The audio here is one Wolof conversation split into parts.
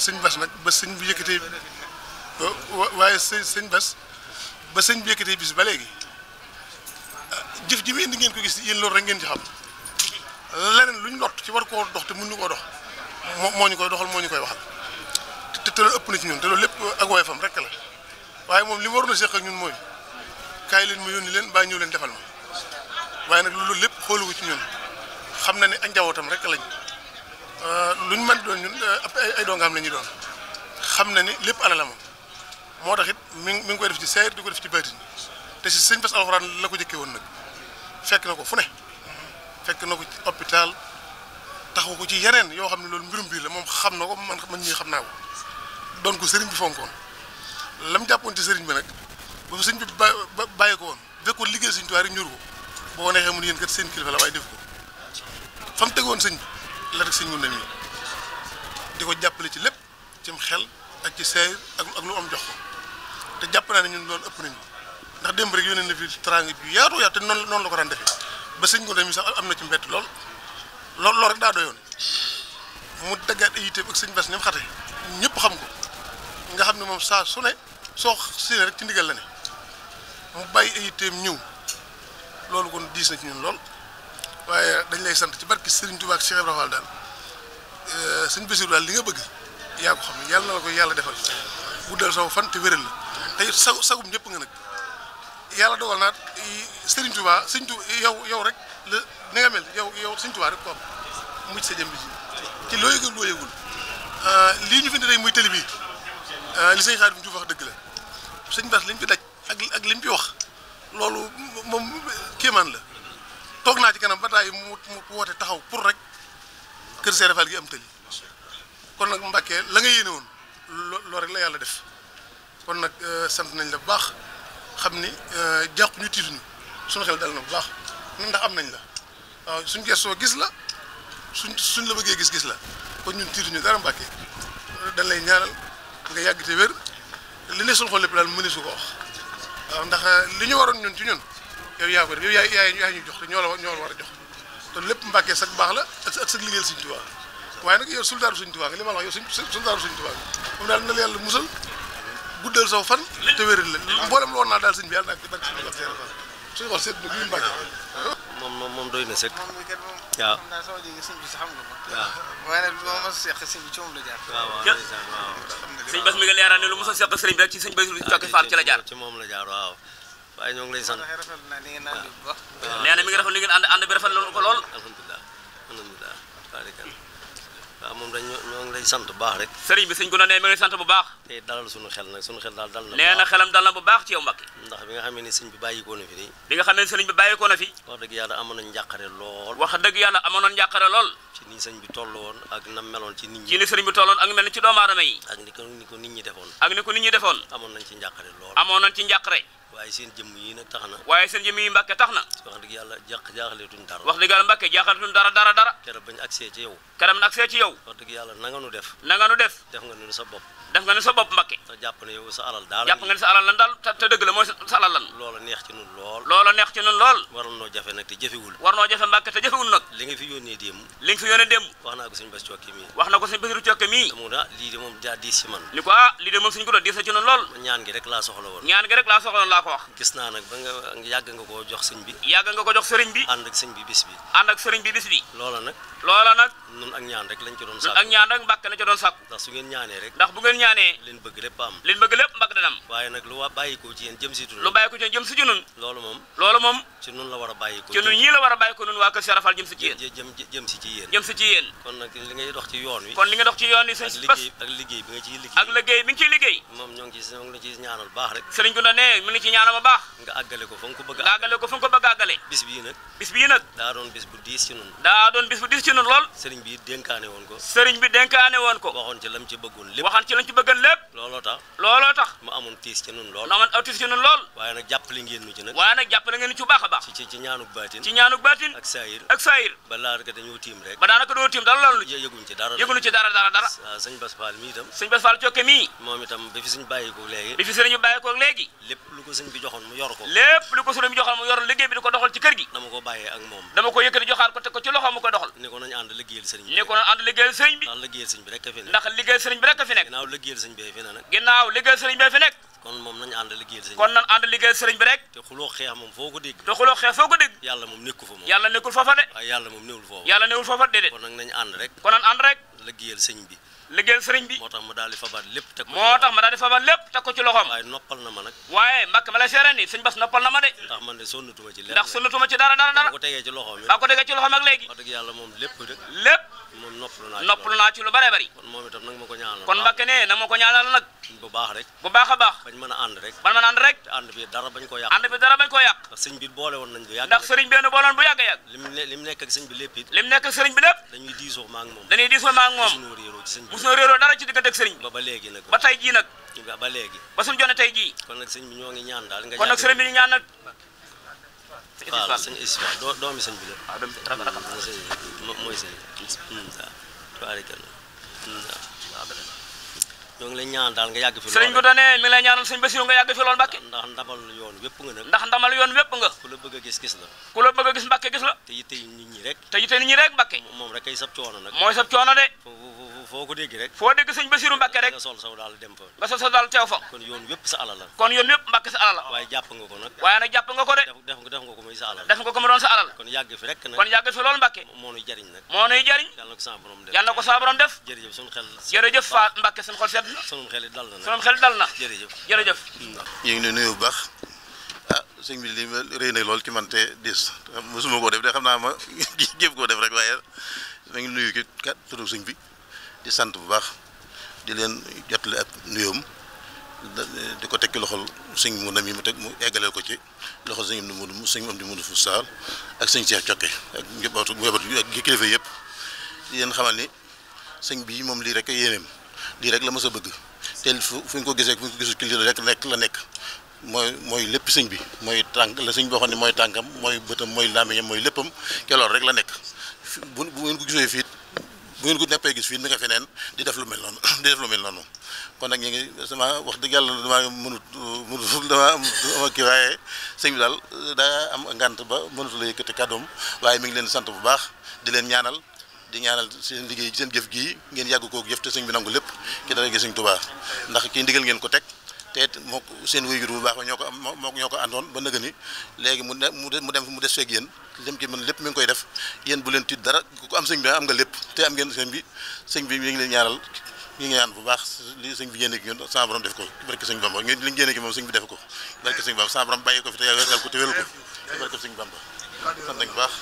waaye sëñ bas nag ba sëñ bi yëkkatee waaye sëñ sëñ bas ba sëñ bi yëkkatee bis ba léegi ah, jëf ji mu indi ngeen ko gis yéen loolu rek ngeen ci xam leneen lu ñu lott ci war koo dox te mun mënuñu koo dox moo moo ñu koy doxal moo ñu koy waxal te te loolu ëpp na ci ñoom te loolu lépp ak woyofam rek la waaye moom li mu waroon a seq ak ñun mooy kaay leen ma yónni leen baa ñëw leen defal ma waaye nag loolu lépp xoolu ci ñun xam na ne ak njabootam rek lañ. lu euh, luñ mën doon ñun euh, ay dongaam la lañuy doon xam na ni lépp alal la moo tax it mi mi ngi koy def ci seer di ko def ci baatin te si sëñ Bass alxuraan la ko jëkkee woon nag fekk na ko fu ne fekk na ko ci hôpital ci yeneen yoo xam ne loolu mbirum biir la moom xam na ko man man ñii xam naa ko doon ko sëriñ bi fonkoon lam jàppoon ci sëriñ bi nag ba sëñ bi ba bàyyi ko woon fekkoon liggéey sëñ Tuubaa rek ñur ko boo neexee mu ne yéen kat seen kilifa la waaye def ko fa mu tegoon sëñ la sëñ mun na mi di ko jàppale ci lépp cim xel ak ci seey ak ak lu am jox ko te jàpp naa ne ñun loolu ëpp nañu ndax démb rek yónnee na fi teraanga bi yaatu yaatu te noonu noonu la ko daan defee ba sëñ Ngounda mi sax am na ci mbett lool lool lool rek daa doyoon mu daggaat ay yitteem ak sëñ Bass ni mu xate ñëpp xam ko nga xam ne moom saa su ne soo sine rek ci ndigal la ne mu bàyyi ay yitteem ñëw loolu kon diis na ci ñun lool waaye dañ lay sant ci barki Serigne Touba ak Cheikh Ibrahima daal euh, sëñ Bassirou daal li nga bëgg yaa ko xam ne yàlla na la ko yàlla defal guddal saw fan te wéral la te sa sagum ñëpp nga nag yàlla dogal naat Serigne Touba sëñ Touba yow yow rek la ni nga mel yow yow sëñ Touba rek ko am loo yëgul euh, ñu fi indi muy tëli bii euh, li sëñ Xaadim Diouf wax dëgg la sëñ Bass liñ fi daj ak ak liñ fi wax loolu moom kéemaan la. toog naa ci kanam ba taa yi mu mu wootee taxaw pour rek kër Serigne Fall gi am tëli kon nag Mbàkke la nga yéene woon loo rek la yàlla def kon nag euh, sant nañ la bu baax xam ni euh, jàqu ñu tiituñu suñu xel na bu baax ndax am nañ la suñ gestoo gis la suñ suñ la bëggee gis-gis la kon ñun tiituñu dara Mbàkke dañ lay ñaanal nga yàgg te wér li ne suñu xol lépp daal mëneesu ko wax waaw ndax euh, li ñu waroon ñun ci ñun. yow yaa ko def yow yaa yaa ñu jox te ñoo la ñoo la war a jox te lépp mbàkkee sag baax la ak sag liggéeyal Sëñ Tuubaa waaye nag yow soldaaru Sëñ Tuubaa nga li ma la wax yow soldaaru Sëñ Tuubaa nga moom daal na la yàlla musal guddal saw fan te wéral la mboolem loon naa daal sëñ bi yàlla nag nag suñu wax seera fan suñu wax seet na guy mbàkke moom moom moom doy na sëkk waaw naa sama dégg sëñ bi sax xam nga ko waaw waaye nag lu ma mos a seq sëñ bi ci moom la jaar waaw sëñ Bass mi nga leeral ne lu mos a seq sëñ bi rek ci sëñ Bass Tàkk Fall ci la jaar ci moom la jaar waaw waaye ñoo ngi lay sant waaw ah. nee na mi ngi rafetlu li ngeen ànd bi rafetlu ko lool. alhamdulilah alhamdulilah waaw moom dañ ñoo bu baax rek. sëriñ bi sëñ Guna nee mi sant bu baax. te dalal sunu xel nag sunu xel daal dal na. nee na xelam dal na bu baax ci yow Mbacke. ndax bi nga xam ne sëñ bi bàyyikoo na fi nii. bi nga xam ne sëriñ bi bàyyikoo na fi. wax dëgg yàlla amoon na njàqare lool. wax dëgg yàlla amoon na njàqare lool. ci ni sëñ bi tol woon ak na meloon ci nit ñi ci ni sëriñ bi tolloon ak mel ci doomu aadama yi ak ni ko ni ko defoon ak ni ko nit ñi defoon amoon nañ ci njàqare lool amoon nañ ci njàqare waaye seen jëmm yi nag tax na waaye seen jëmm yi Mbàkke tax na wax dëgg yàlla jaax jaaxaleetuñ dara wax dëgg yàlla Mbàkke jaaxaleetuñ dara dara dara keroog bañ agsee ci yow keroog na agsee ci yow wax dëgg yàlla na nga nu def na nga nu def def nga nu sa bopp def nga nu sa bopp Mbàkke te jàpp ne yow sa alal daal jàpp nga ne sa alal lan daal te dëgg la mooy sa alal loola neex ci nun lool loola neex ci nun lool war noo jafe nag te jafewul war noo jafe Mbàkke te jafewul nag li nga fi yónnee démb li nga fi yónnee démb wax naa ko sëñ Bass wax na ko sëñ Basiru Cokke mii mu na lii de diis ci ni ko ah lii de moom suñu diis na ci noonu ñaan gi rek laa soxla woon ñaan gi rek laa soxla laa ko wax gis naa ba nga nga ko jox bi yàgg nga ko jox sëriñ bi ànd ak sëñ bi bis bi ànd ak sëriñ bi bis bi loola nag loola nag nun ak ñaan rek lañ ci doon sàkku ñaan rek mbàkk na ci doon ndax su ngeen rek ndax ci nun la war a bàyyi ko ci nun ñii waa kër Cheikh Rafal jëm si ci kon li ngay dox ci yoon wi kon li nga dox ci yoon wi sëñ Bass ak liggéey bi nga ciy liggéey ak liggéey bi nga ciy liggéey moom ñoo ngi ci ñoo ci ñaanal baax rek sëriñ bi ne mu ngi ci ñaanal ba nga àggale ko fa ko bëgg nga àggale ko fa nga daa doon bis diis ci nun lool sëriñ bi dénkaane woon ko sëriñ bi dénkaane woon ko waxoon ci lam ci bëggoon lépp waxoon ci tax looloo tax jàppale nu ci nag waaye nag jàppale ngeen nu ci bu ci ci baatin ci ñaanuk baatin ak saayir ak saayir ba daanaka dañoo rek ba daanaka doo tiim dara loolu yëguñu ci dara ci dara dara dara sëñ Bass Fall mi itam sëñ Bass Fall cokke mii moom itam bi fi sëñ bàyyikoo léegi bi fi sëñ bàyyikoo léegi lépp lu ko sëñ bi joxoon mu yor ko lépp lu ko bi joxoon mu yor liggéey bi di ko doxal ci kër dama ko bàyyee ak moom dama ko yëkkati joxaat ko kon moom nañu ànd liggéeyal sëriñ kon nañ ànd liggéeyal sëriñ moom foo ko dégg te xuloo xeex foo ko dégg yàlla moom nekku fa moom yàlla nekkul foofa de waaye moom newul foofa yàlla newul foofa déedéet kon nag nañu moo tax ma daal di fabaat lépp teg ko moo tax ma daal di fabaat lépp teg na ma nag waaye mbàkk ma lay ni sëñ bas noppal na ma de ndax man de sonnatuma ci lenn ci dara dara dara ko tegee ci loxoom ba ko tegee ci loxoom ak léegi wax dëgg yàlla moom lépp rek lépp moom noppalu naa ci lu bare bari kon moom itam nag ma ko ñaanal kon Mbàkke ne na ma ko ñaanal nag bu baax rek bu baax a baax bañ mën a ànd rek bañ mën a rek te ànd bi dara bañ ko yàq ànd bi dara bañ ko yàq ndax sëñ bi boole woon nañ bu yàgg ndax boole woon bu yàgg yàgg lim lim nekk ak sëñ bi lépp lim nekk ak sëriñ bi lépp dañuy diisoo maa ngi moom dañuy diisoo maa moom suñu réeroo dara ci diggante ak sëriñ ba ba léegi nag ba tey waaw sëñ Issa doo doomi ah, sëñ bi la. waaw doomi sëñ bi la mooy sëñ ñoo ngi lay fi sëriñ bi doone mi ngi lay ñaanal sëñ Bassirou nga yàgg fi lool Mbàkke ndax ndamal yoon wépp nga nag ndax yoon wépp nga a gis gis la ku la bëgg a gis Mbàkke gis la te yitte ni ñi rek te ñi rek Mbàkke moom rek ay sab coono nag mooy sab coono de foo ko dégg rek foo dégg sëñ Basiru Mbàkke rek nga sol saw daal dem fa nga sol saw daal teew fa kon yoon wépp sa alal la kon yoon wépp Mbàkke sa alal la waaye jàpp nga ko nag waaye nag jàpp nga ko de def nga def nga ko muy sa alal def nga ko mu doon sa alal kon yàgg fi rek nag kon yàgg fi loolu Mbàkke moo nuy jariñ nag moo nuy jariñ yàlla na ko sa borom def yàlla na ko sa borom def jërëjëf suñu xel jërëjëf fa Mbàkke suñu xol sedd na suñu xel dal na suñu xel dal na jërëjëf jërëjëf ñu ngi lay nuyu bu baax ah sëñ bi li rëy na lool ci man te dis mosuma koo def de xam naa ma jéem koo def rek waaye ma ngi nuyu ki kat turu sëñ bi di sant bu baax di leen jotale ak nuyoom di ko tekki loxol sëñ mu nam yi mu teg mu eggaleel ko ci loxol sëñ am di mu sëñ am di mu fu saal ak sëñ Cheikh Cokke ak njabootu njabootu ak kilifa yëpp di leen xamal ni sëñ bii moom lii rek a yéeneem lii rek la mës bëgg te fu fu ñu ko gisee fu ñu ko gisul ci lii rek nekk la nekk mooy mooy lépp sëñ bi mooy tànk la sëñ boo xam ne mooy tànkam mooy bëtam mooy làmmiñam mooy léppam kelool rek la nekk bu ngeen ko gisee fii bu ngeen ko neppee gis fii mi nga di def lu mel noonu di def lu mel noonu kon nag ñu ngi sama wax dëgg yàlla damaa mënut mënut damaa am kii waaye sëñ bi daal daa am ngànt ba mënut la yëkkati kàddoom waaye mi ngi leen sant bu baax di leen ñaanal di ñaanal seen liggéey seen jëf gii ngeen yàgg kook jëf te sëñ bi nangu lépp ki dara gi sëñ Tuubaa ndax kii ndigal ngeen ko teg te it moo seen wéyjur bu baax ba ñoo ko am moo ñoo ko àndoon ba nëga ni léegi mu ne mu dem mu des feeg yéen lim ci mën lépp mi ngi koy def yéen bu leen tiit dara ku am sëñ bi am nga lépp te am ngeen sëñ bi sëñ bi mi ngi leen ñaaral ñu ngi ñaan bu baax li sëñ bi yéene gi ñun sa borom def ko barke sëñ Bamba ñu li ñu yéene gi moom sëñ bi def ko barke sëñ Bamba sa borom bàyyi ko fi te yàlla dal ko te wélu ko barke sëñ Bamba sant nañ bu baax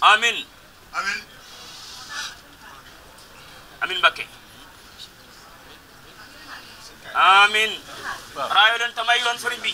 amin amin amin Mbakke amin raayo leen tamay yoon sëriñ bi